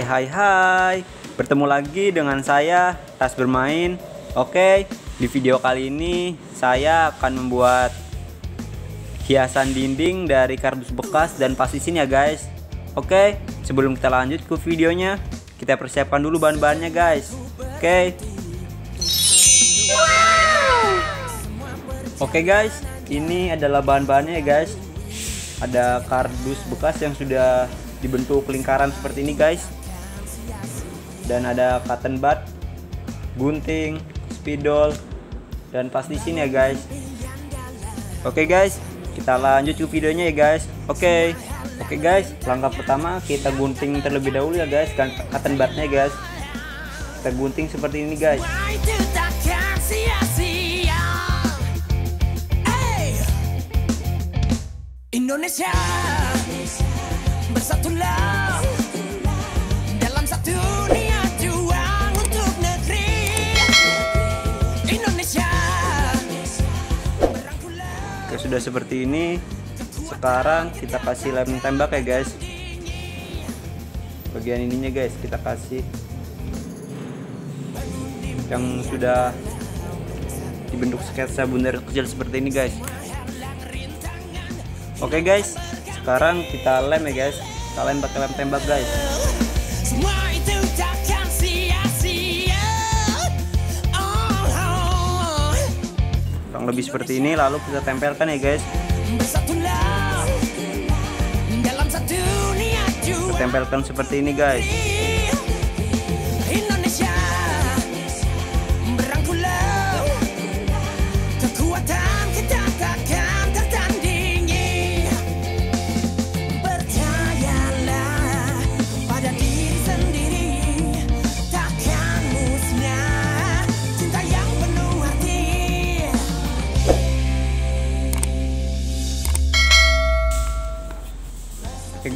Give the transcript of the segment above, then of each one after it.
Hai hai hai Bertemu lagi dengan saya Tas Bermain Oke di video kali ini saya akan membuat hiasan dinding dari kardus bekas dan pasisin ya guys Oke sebelum kita lanjut ke videonya kita persiapkan dulu bahan-bahannya guys Oke Oke guys ini adalah bahan-bahannya ya guys ada kardus bekas yang sudah dibentuk lingkaran seperti ini guys dan ada cotton bud, gunting, spidol, dan pasti sini ya guys. Oke okay guys, kita lanjut ke videonya ya guys. Oke. Okay. Oke okay guys, langkah pertama kita gunting terlebih dahulu ya guys, kan cotton budnya guys. Kita gunting seperti ini guys. Indonesia bersatulah sudah seperti ini sekarang kita kasih lem tembak ya guys bagian ininya guys kita kasih yang sudah dibentuk sketsa bundar kecil seperti ini guys oke guys sekarang kita lem ya guys kita lem pakai lem tembak guys lebih seperti ini lalu kita tempelkan ya guys kita tempelkan seperti ini guys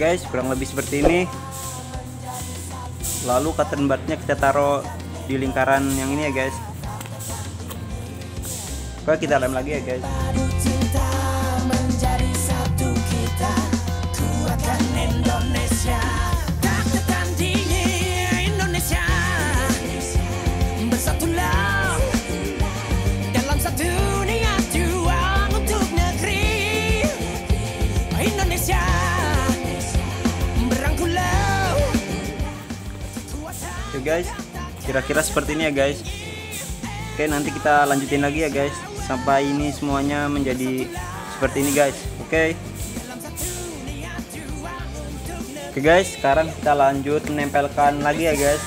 guys kurang lebih seperti ini lalu cotton budnya kita taruh di lingkaran yang ini ya guys oke kita lem lagi ya guys oke guys kira-kira seperti ini ya guys oke nanti kita lanjutin lagi ya guys sampai ini semuanya menjadi seperti ini guys oke oke guys sekarang kita lanjut menempelkan lagi ya guys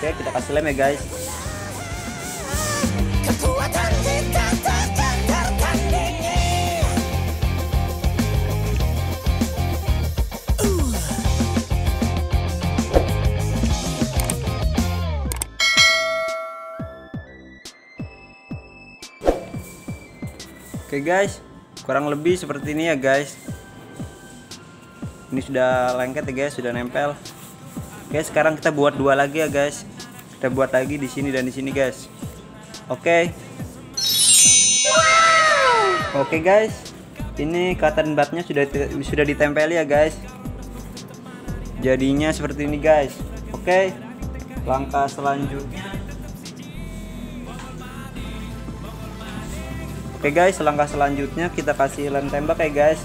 oke kita kasih lem ya guys okay guys, kurang lebih seperti ini ya guys. Ini sudah lengket ya guys, sudah nempel. Guys, sekarang kita buat dua lagi ya guys. Kita buat lagi di sini dan di sini guys. Oke. Oke guys, ini cotton batnya sudah sudah ditempeli ya guys. Jadinya seperti ini guys. Oke. Langkah selanjutnya Oke guys, langkah selanjutnya kita kasih lem tembak ya guys.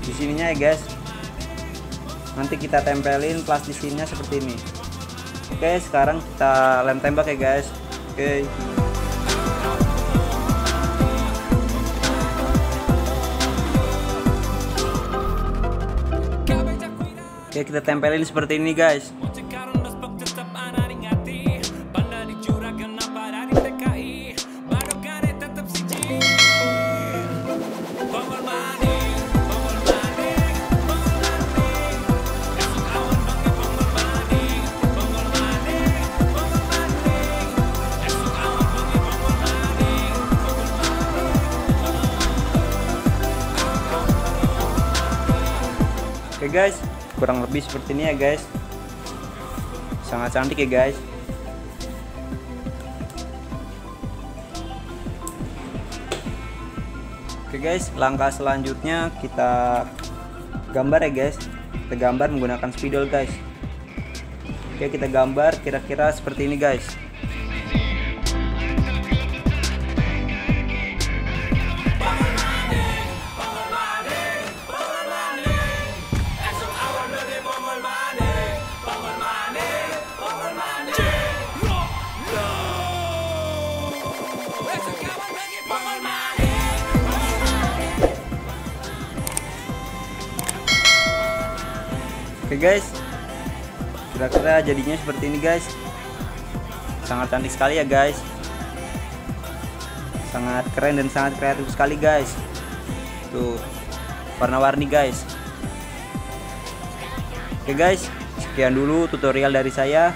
Di sininya ya guys. Nanti kita tempelin plastisinnya seperti ini. Oke, sekarang kita lem tembak ya guys. Oke. Oke, kita tempelin seperti ini guys. Oke guys, kurang lebih seperti ini ya guys. Sangat cantik ya guys. Oke guys, langkah selanjutnya kita gambar ya guys. Kita gambar menggunakan spidol guys. Oke, kita gambar kira-kira seperti ini guys. oke guys kira-kira jadinya seperti ini guys sangat cantik sekali ya guys sangat keren dan sangat kreatif sekali guys tuh warna-warni guys oke guys sekian dulu tutorial dari saya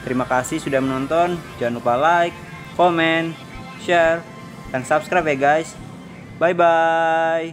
terima kasih sudah menonton jangan lupa like comment, share dan subscribe ya guys bye bye